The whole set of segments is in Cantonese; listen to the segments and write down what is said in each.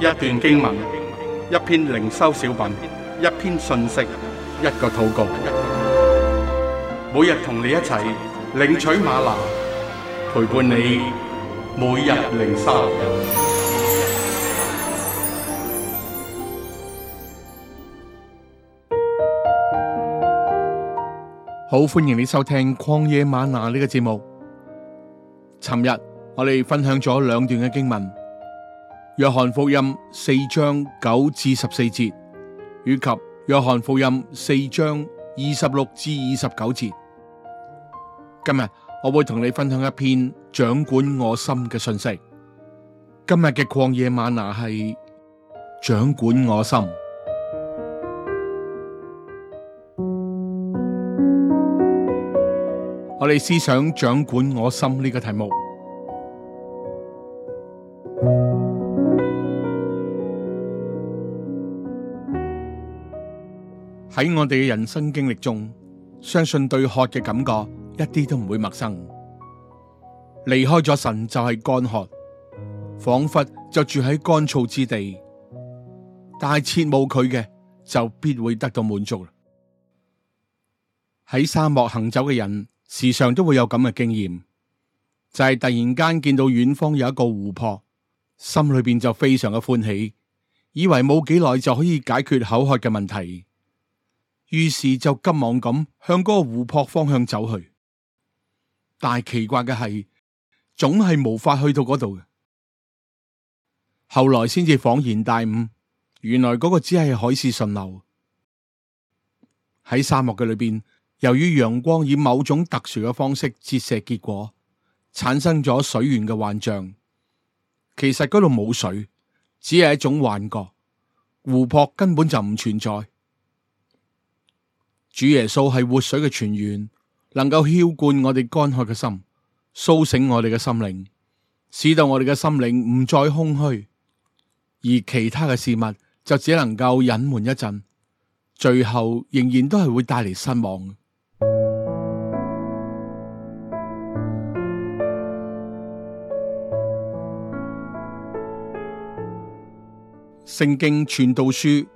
一段經文，一篇靈修小品，一篇信息，一個禱告。每日同你一齊領取嗎哪，陪伴你每日靈修。好，歡迎你收聽曠野嗎哪呢個節目。尋日我哋分享咗兩段嘅經文。約翰福音四章九至十四節，以及約翰福音四章二十六至二十九節。今日我會同你分享一篇掌管我心嘅信息。今日嘅曠野嗎哪係掌管我心。我哋思想掌管我心呢個題目。喺我哋嘅人生經歷中，相信對渴嘅感覺一啲都唔會陌生。離開咗神就係乾渴，仿佛就住喺乾燥之地，但係切慕佢嘅就必會得到滿足。喺沙漠行走嘅人，時常都會有咁嘅經驗，就係突然間見到遠方有一個湖泊，心裏邊就非常嘅歡喜，以為冇幾耐就可以解決口渴嘅問題。於是就急忙咁向嗰個湖泊方向走去，但係奇怪嘅係，總係無法去到嗰度嘅。後來先至恍然大悟，原來嗰個只係海市蜃樓。喺沙漠嘅裏邊，由於陽光以某種特殊嘅方式折射，結果產生咗水源嘅幻象。其實嗰度冇水，只係一種幻覺，湖泊根本就唔存在。主耶穌係活水嘅泉源，能夠澆灌我哋乾渴嘅心，蘇醒我哋嘅心靈，使到我哋嘅心靈唔再空虛，而其他嘅事物就只能夠隱瞞一陣，最後仍然都係會帶嚟失望。聖經傳道書。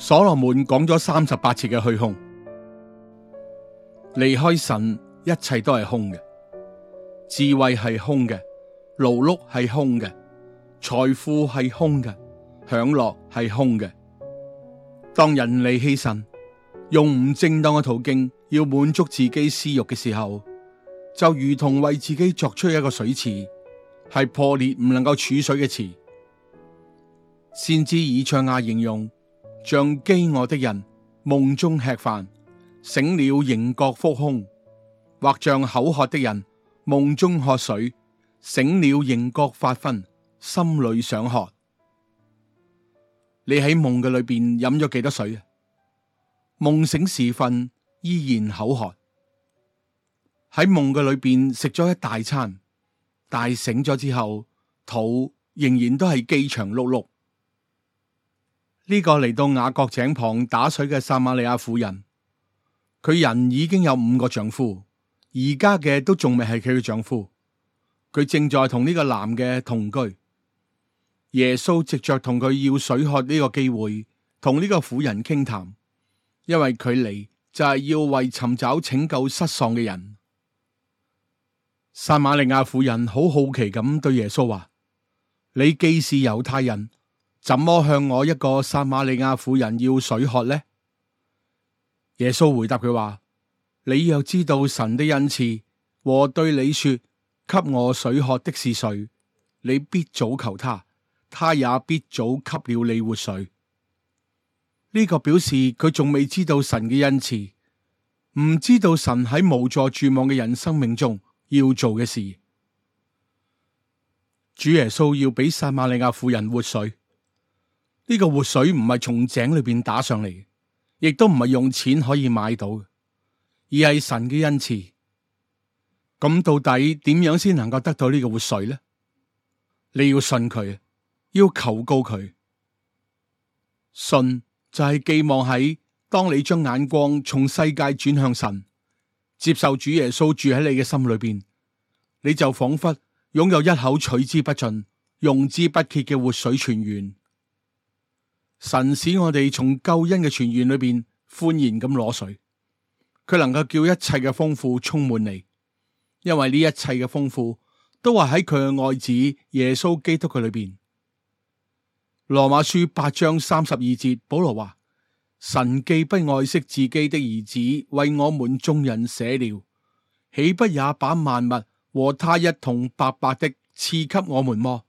所羅門講咗三十八次嘅虛空，離開神一切都係空嘅，智慧係空嘅，勞碌係空嘅，財富係空嘅，享樂係空嘅。當人離棄神，用唔正當嘅途徑要滿足自己私欲嘅時候，就如同為自己作出一個水池，係破裂唔能夠儲水嘅池。先知以賽亞形容。像飢餓的人夢中吃飯，醒了仍覺腹空；或像口渴的人夢中喝水，醒了仍覺發昏，心裏想渴。你喺夢嘅裏邊飲咗幾多水？夢醒時分依然口渴。喺夢嘅裏邊食咗一大餐，但醒咗之後，肚仍然都係飢腸轆轆。呢、這個嚟到雅各井旁打水嘅撒瑪利亞婦人，佢人已經有五個丈夫，而家嘅都仲未係佢嘅丈夫，佢正在同呢個男嘅同居。耶穌藉着同佢要水喝呢個機會，同呢個婦人傾談，談，因為佢嚟就係、是、要為尋找拯救失喪嘅人。撒瑪利亞婦人好好奇咁對耶穌話：你既是猶太人。怎麼向我一個撒馬利亞婦人要水喝呢？耶穌回答佢話：你又知道神的恩賜和對你說給我水喝的是誰，你必早求他，他也必早給了你活水。呢個表示佢仲未知道神嘅恩賜，唔知道神喺無助絕望嘅人生命中要做嘅事。主耶穌要俾撒馬利亞婦人活水。呢個活水唔係從井裏邊打上嚟，亦都唔係用錢可以買到，而係神嘅恩賜。咁到底點樣先能夠得到呢個活水呢？你要信佢，要求告佢。信就係寄望喺當你將眼光從世界轉向神，接受主耶穌住喺你嘅心裏邊，你就仿佛擁有一口取之不盡、用之不竭嘅活水泉源。神使我哋從救恩嘅泉源裏邊歡然咁攞水，佢能夠叫一切嘅豐富充滿你，因為呢一切嘅豐富都係喺佢嘅愛子耶穌基督佢裏邊。羅馬書八章三十二節，保羅話：神既不愛惜自己的兒子，為我們眾人捨了，豈不也把萬物和他一同白白的賜給我們麼？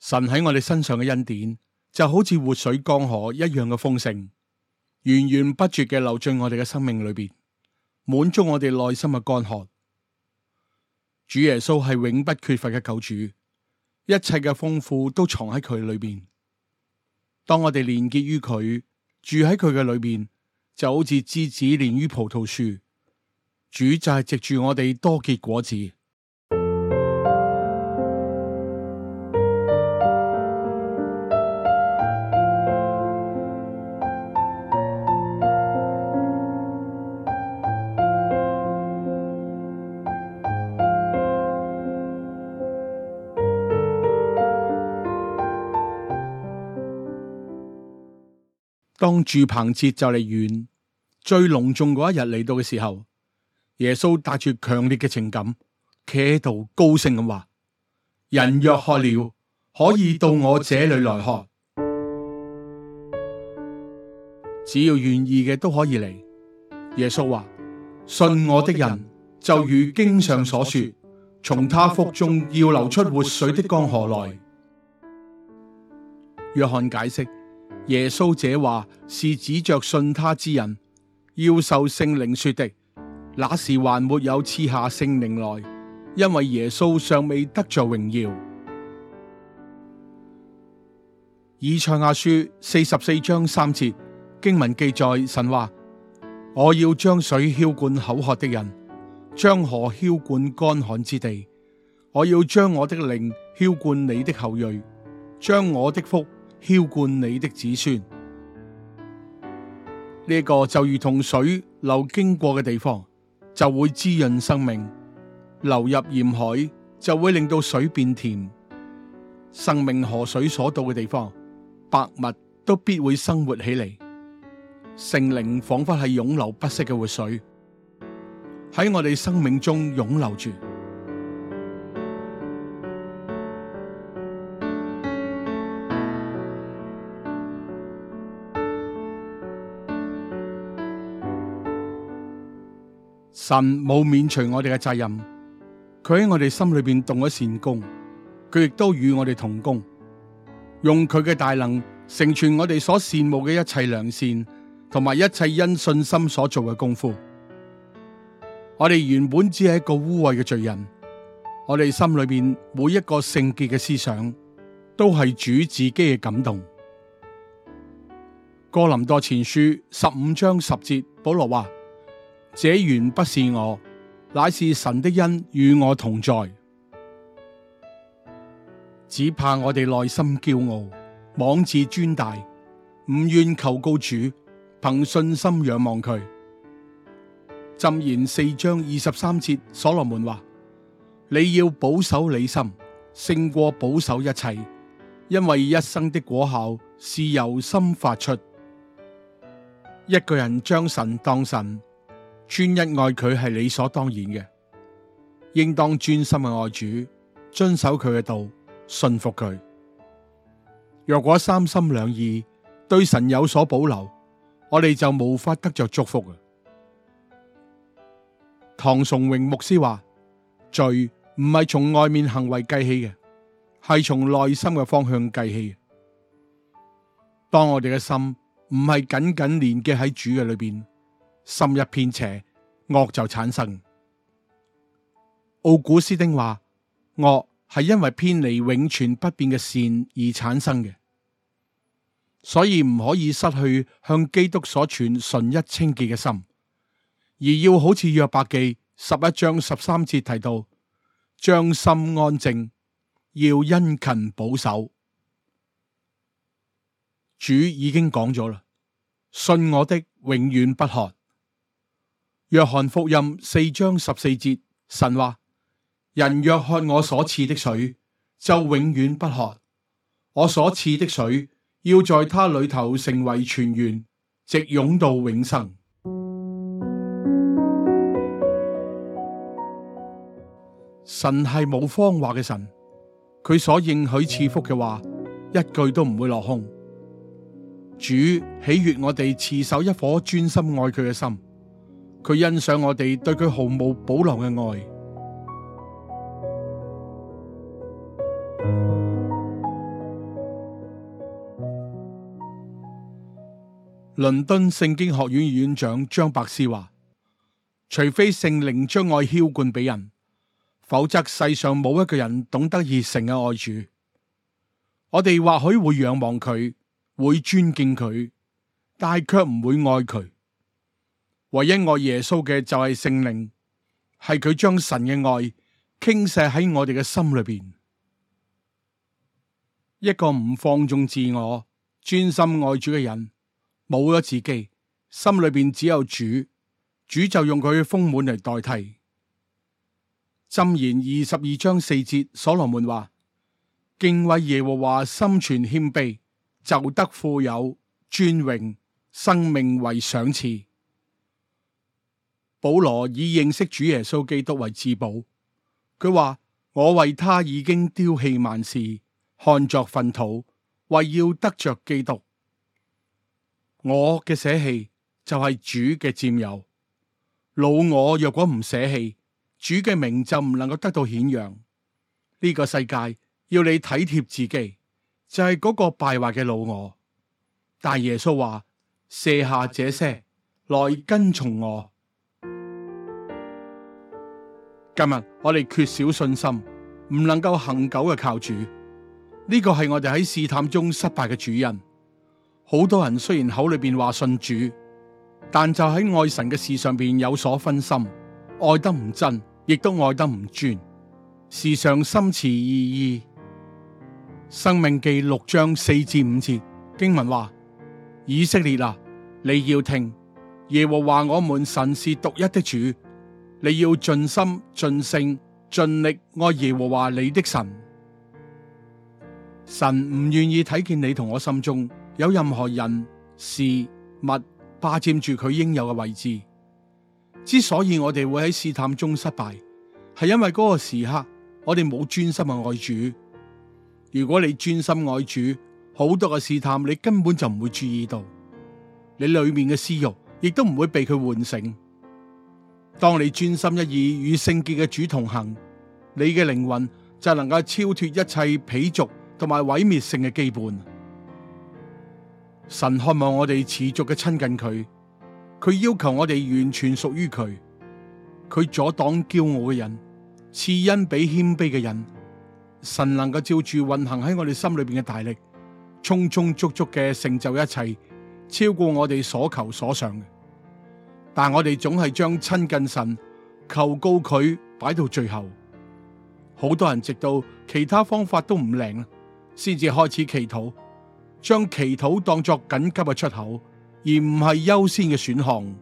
神喺我哋身上嘅恩典，就好似活水江河一樣嘅豐盛，源源不絕嘅流進我哋嘅生命裏邊，滿足我哋內心嘅乾渴。主耶穌係永不缺乏嘅救主，一切嘅豐富都藏喺佢裏邊。當我哋連結於佢，住喺佢嘅裏邊，就好似枝子連於葡萄樹，主就係藉住我哋多結果子。當住棚節就嚟完、最隆重嗰一日嚟到嘅時候，耶穌帶住強烈嘅情感，企喺度高聲咁話：「人若渴了，可以到我這裏來喝。只要願意嘅都可以嚟。耶穌話：「信我的人就如經上所說，從他腹中要流出活水的江河來。約翰解釋。耶穌這話是指着信他之人要受聖靈說的，那時還沒有賜下聖靈來，因為耶穌尚未得着榮耀。以賽亞書四十四章三節經文記載神話：我要將水澆灌口渴的人，將河澆灌乾旱之地；我要將我的靈澆灌你的後裔，將我的福，澆灌你的子孫，呢、這個就如同水流經過嘅地方，就會滋潤生命；流入鹽海，就會令到水變甜。生命河水所到嘅地方，百物都必會生活起嚟。聖靈仿佛係湧流不息嘅活水，喺我哋生命中湧流住。神冇免除我哋嘅責任，佢喺我哋心裏邊動咗善功，佢亦都與我哋同工，用佢嘅大能成全我哋所羨慕嘅一切良善，同埋一切因信心所做嘅功夫。我哋原本只係一個污穢嘅罪人，我哋心裏邊每一個聖潔嘅思想，都係主自己嘅感動。哥林多前書十五章十節，保羅話。這原不是我，乃是神的恩與我同在。只怕我哋內心驕傲，妄自尊大，唔願求告主，憑信心仰望佢。箴言四章二十三節，所羅門話：你要保守你心，勝過保守一切，因為一生的果效是由心發出。一個人將神當神，專一愛佢係理所當然嘅，應當專心嘅愛主，遵守佢嘅道，信服佢。若果三心兩意，對神有所保留，我哋就無法得着祝福啊！唐崇榮牧師話：罪唔係從外面行為計起嘅，係從內心嘅方向計起。當我哋嘅心唔係緊緊連接喺主嘅裏邊。心一片邪惡就產生。奧古斯丁話：惡係因為偏離永存不變嘅善而產生嘅，所以唔可以失去向基督所傳純一清潔嘅心，而要好似約伯記十一章十三節提到，將心安靜，要殷勤保守。主已經講咗啦，信我的永遠不渴。約翰福音四章十四節，神話：人若喝我所賜的水，就永遠不渴。我所賜的水，要在他裡頭成為泉源，直湧到永生。神係冇謊話嘅神，佢所應許賜福嘅話，一句都唔會落空。主喜悦我哋持守一顆專心愛佢嘅心。佢欣賞我哋對佢毫無保留嘅愛。倫敦聖經學院院長張伯斯話，除非聖靈將愛澆灌俾人，否則世上冇一個人懂得熱誠嘅愛主。我哋或許會仰望佢，會尊敬佢，但係卻唔會愛佢。唯一愛耶穌嘅就係聖靈，係佢將神嘅愛傾瀉喺我哋嘅心裏邊。一個唔放縱自我、專心愛主嘅人，冇咗自己，心裏邊只有主，主就用佢嘅豐滿嚟代替。箴言二十二章四節，所羅門話：敬畏耶和華，心存謙卑，就得富有、尊榮、生命為賞賜。保羅以認識主耶穌基督為至寶。佢話：我為他已經丟棄萬事，看作糞土，為要得着基督。我嘅捨棄就係主嘅佔有。老我若果唔捨棄，主嘅名就唔能夠得到顯揚。呢個世界要你體貼自己，就係嗰個敗壞嘅老我。但耶穌話：卸下這些，來跟從我。今日我哋缺少信心，唔能夠恒久嘅靠主，呢、這個係我哋喺試探中失敗嘅主因。好多人雖然口裏邊話信主，但就喺愛神嘅事上邊有所分心，愛得唔真，亦都愛得唔專，時常心持意義。生命記六章四至五節經文話：以色列啊，你要聽耶和華我們神是獨一的主。你要盡心、盡性、盡力愛耶和華你的神。神唔願意睇見你同我心中有任何人事物霸佔住佢應有嘅位置。之所以我哋會喺試探中失敗，係因為嗰個時刻我哋冇專心去愛主。如果你專心愛主，好多嘅試探你根本就唔會注意到，你裏面嘅私欲亦都唔會被佢喚醒。當你專心一意與聖潔嘅主同行，你嘅靈魂就能夠超脱一切鄙俗同埋毀滅性嘅羈絆。神渴望我哋持續嘅親近佢，佢要求我哋完全屬於佢，佢阻擋驕傲嘅人，賜恩俾謙卑嘅人。神能夠照住運行喺我哋心裏邊嘅大力，充充足足嘅成就一切，超過我哋所求所想但我哋總係將親近神、求告佢擺到最後，好多人直到其他方法都唔靈，先至開始祈禱，將祈禱當作緊急嘅出口，而唔係優先嘅選項。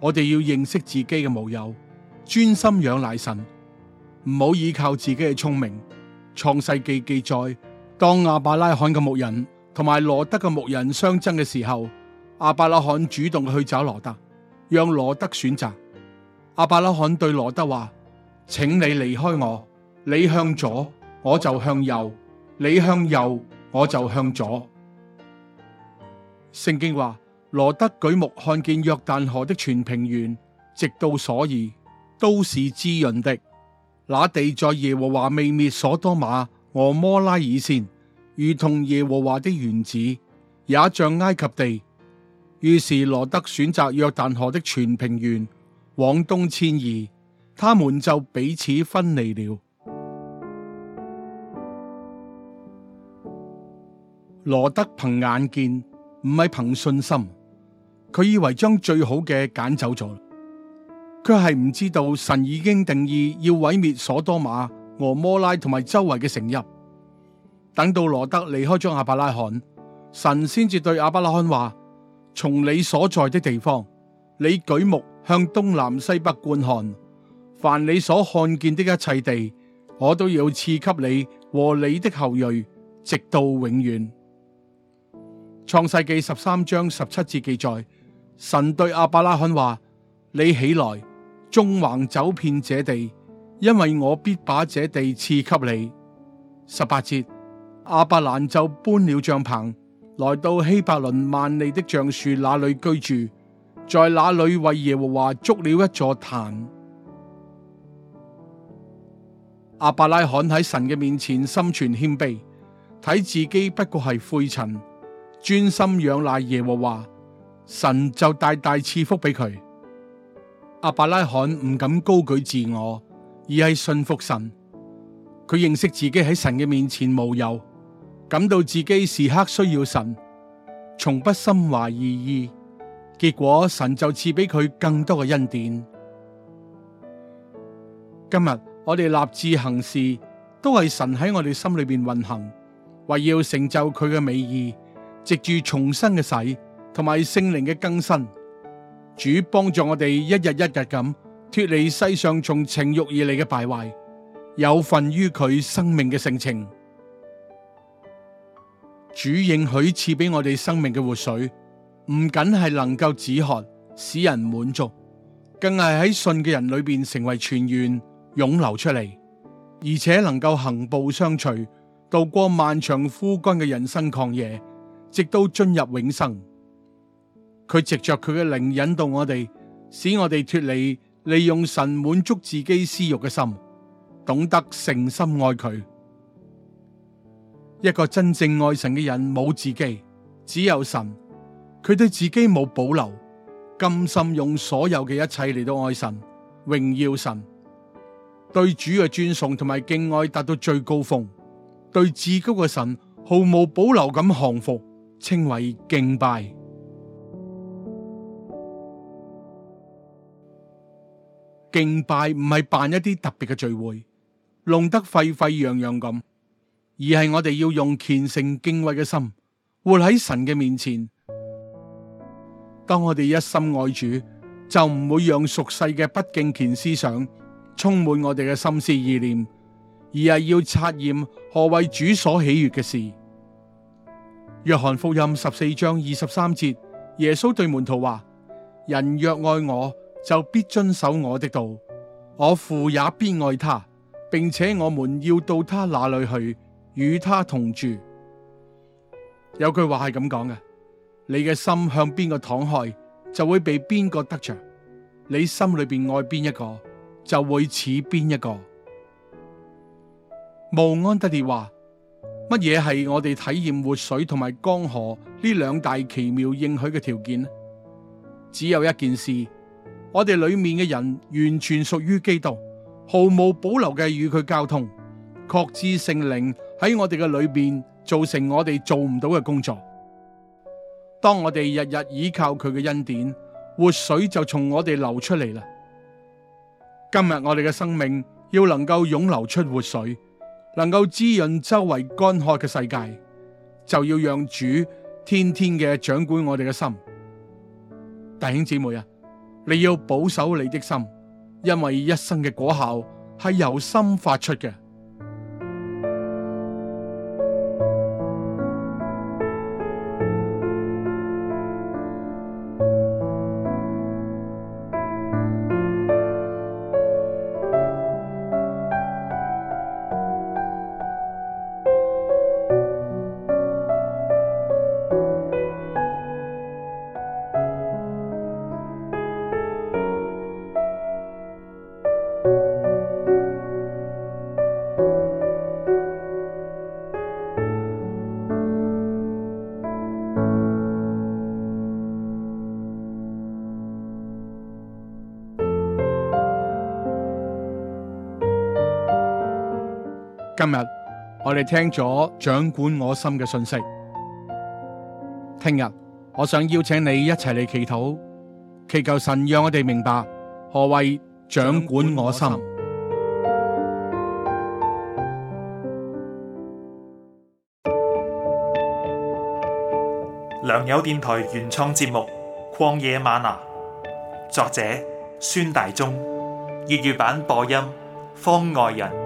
我哋要認識自己嘅無有，專心仰賴神，唔好依靠自己嘅聰明。創世記記載，當亞伯拉罕嘅牧人同埋羅得嘅牧人相爭嘅時候。阿伯拉罕主動去找羅德，讓羅德選擇。阿伯拉罕對羅德話：請你離開我，你向左我就向右，你向右我就向左。聖經話：羅德舉目看見約旦河的全平原，直到所以，都是滋潤的。那地在耶和華未滅所多瑪、蛾摩拉以先，如同耶和華的園子，也像埃及地。於是羅德選擇約旦河的全平原往東遷移，他們就彼此分離了。羅德憑眼見，唔係憑信心，佢以為將最好嘅揀走咗，佢係唔知道神已經定義要毀滅所多瑪、俄摩拉同埋周圍嘅城邑。等到羅德離開咗阿伯拉罕，神先至對阿伯拉罕話。從你所在的地方，你舉目向東南西北觀看，凡你所看見的一切地，我都要賜給你和你的後裔，直到永遠。創世紀十三章十七節記載，神對亞伯拉罕話：你起來，縱橫走遍這地，因為我必把這地賜給你。十八節，亞伯蘭就搬了帳篷。來到希伯倫幔利的橡樹那裏居住，在那裏為耶和華築了一座壇。亞伯拉罕喺神嘅面前心存謙卑，睇自己不過係灰塵，專心仰賴耶和華，神就大大賜福俾佢。亞伯拉罕唔敢高舉自我，而係信服神，佢認識自己喺神嘅面前無有。感到自己時刻需要神，從不心懷二意，結果神就賜俾佢更多嘅恩典。今日我哋立志行事，都係神喺我哋心裏邊運行，為要成就佢嘅美意，藉住重生嘅洗同埋聖靈嘅更新，主幫助我哋一日一日咁脫離世上從情欲而嚟嘅敗壞，有份於佢生命嘅性情。主應許賜俾我哋生命嘅活水，唔僅係能夠止渴使人滿足，更係喺信嘅人裏邊成為泉源湧流出嚟，而且能夠行步相隨，度過漫長枯乾嘅人生曠野，直到進入永生。佢藉着佢嘅靈引導我哋，使我哋脫離利用神滿足自己私欲嘅心，懂得誠心愛佢。一個真正愛神嘅人冇自己，只有神。佢對自己冇保留，甘心用所有嘅一切嚟到愛神、榮耀神。對主嘅尊崇同埋敬愛達到最高峰，對至高嘅神毫無保留咁降服，稱為敬拜。敬拜唔係辦一啲特別嘅聚會，弄得沸沸揚揚咁。而係我哋要用虔誠敬、敬畏嘅心活喺神嘅面前。當我哋一心愛主，就唔會讓俗世嘅不敬虔思想充滿我哋嘅心思意念，而係要察驗何為主所喜悅嘅事。約翰福音十四章二十三節，耶穌對門徒話：人若愛我，就必遵守我的道；我父也必愛他，並且我們要到他那裏去。與他同住，有句話係咁講嘅：你嘅心向邊個敞開，就會被邊個得着。你心裏邊愛邊一個，就會似邊一個。慕安德烈話：乜嘢係我哋體驗活水同埋江河呢兩大奇妙應許嘅條件呢？只有一件事，我哋裏面嘅人完全屬於基督，毫無保留嘅與佢交通，確知聖靈。喺我哋嘅裏邊造成我哋做唔到嘅工作。當我哋日日倚靠佢嘅恩典，活水就從我哋流出嚟啦。今日我哋嘅生命要能夠湧流出活水，能夠滋潤周圍乾渴嘅世界，就要讓主天天嘅掌管我哋嘅心。弟兄姊妹啊，你要保守你的心，因為一生嘅果效係由心發出嘅。今日我哋聽咗掌管我心嘅信息，聽日我想邀請你一齊嚟祈禱，祈求神讓我哋明白何謂掌管我心。良友電台原創節目《曠野嗎哪》，作者孫大中，粵語版播音方外人。